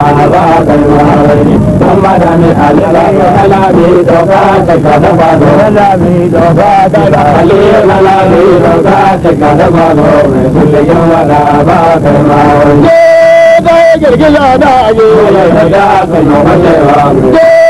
ba ka yi hawaii don madami alila ya kalami doka ta kada ba do kalami doka ta kada ali kalami doka ta kada ba do mai kulle yin wada ba ka yi hawaii ne ba ya girgiza da ayi ya da ka yi hawaii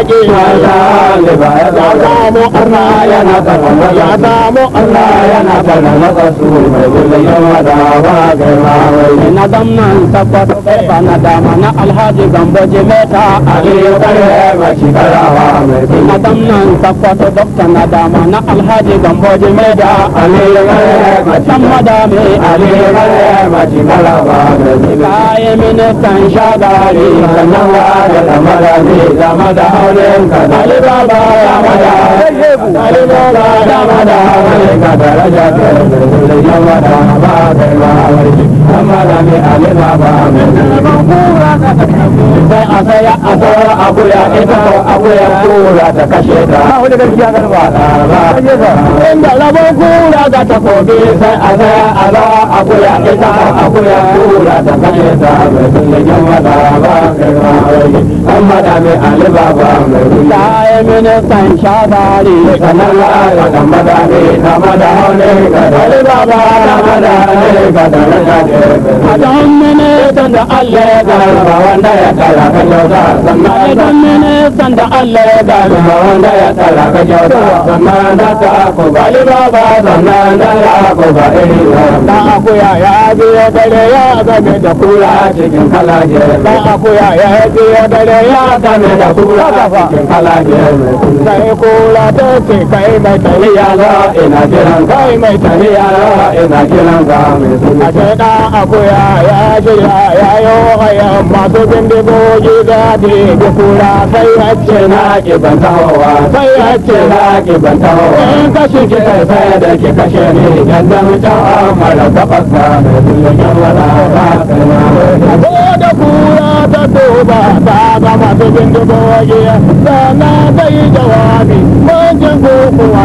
الراجي يعظم الرايا نفر يعظم الرايا نفر مقصود كل يوم دعواك ندمنا انتبت فندمنا الحاج جنب جميتا علي وقريب شكرا ندمنا انتبت دبت ندمنا الحاج جنب جميتا علي وقريب شكرا ندمي علي وقريب شكرا ne ministan shagari sannan wa'ada da madadi game da auren ka ba Baba ya mada ba Baba ya mada wani ka daraja ta ya mada ba kai ma wani amma da ne Ali Baba mai sai a saya a saura akuya ita ko akuya kura ta kashe ta ba wani gaskiya garba inda rabon kura ka takobi sai a saya a ba. akuya ita akuya kura ta kane ta ba girma rage an mata mai aliba ba mai ruri shabari. yi ministan shafari sanar ne ta mata haune ne ka da rasa ce a da ya dusan da Allah ya gani wanda ya tsara ka kyauta amma da ka ako ba liba ba amma da ya ako ba iri da akuya ya ya dare ya me da kula cikin kalaje da akuya ya ya dare ya me da kula cikin kalaje sai kula ta ce kai mai taliya la ina kiran kai mai taliya la ina kiran ga mai suna ce da akuya ya ji ya yo hayan masu bindigogi da da kula sai yace na ki ban tahowa sai yace na ki ban tahowa in ka shige sai da ki kashe ni dan da amara na da duniya ba ko da kura ta toba ta ga masu sana dai jawabi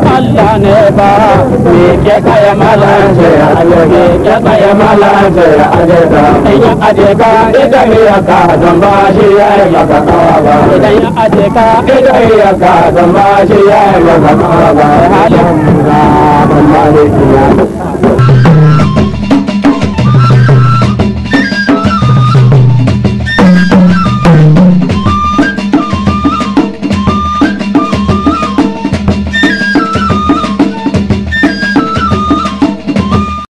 Allah ne ba me ke kaya malanje aje me ke kaya malanje aje da idan aje ka idan ya ka don ba shi ya maka kawa idan ya aje ka idan ya ka don ba shi ya maka kawa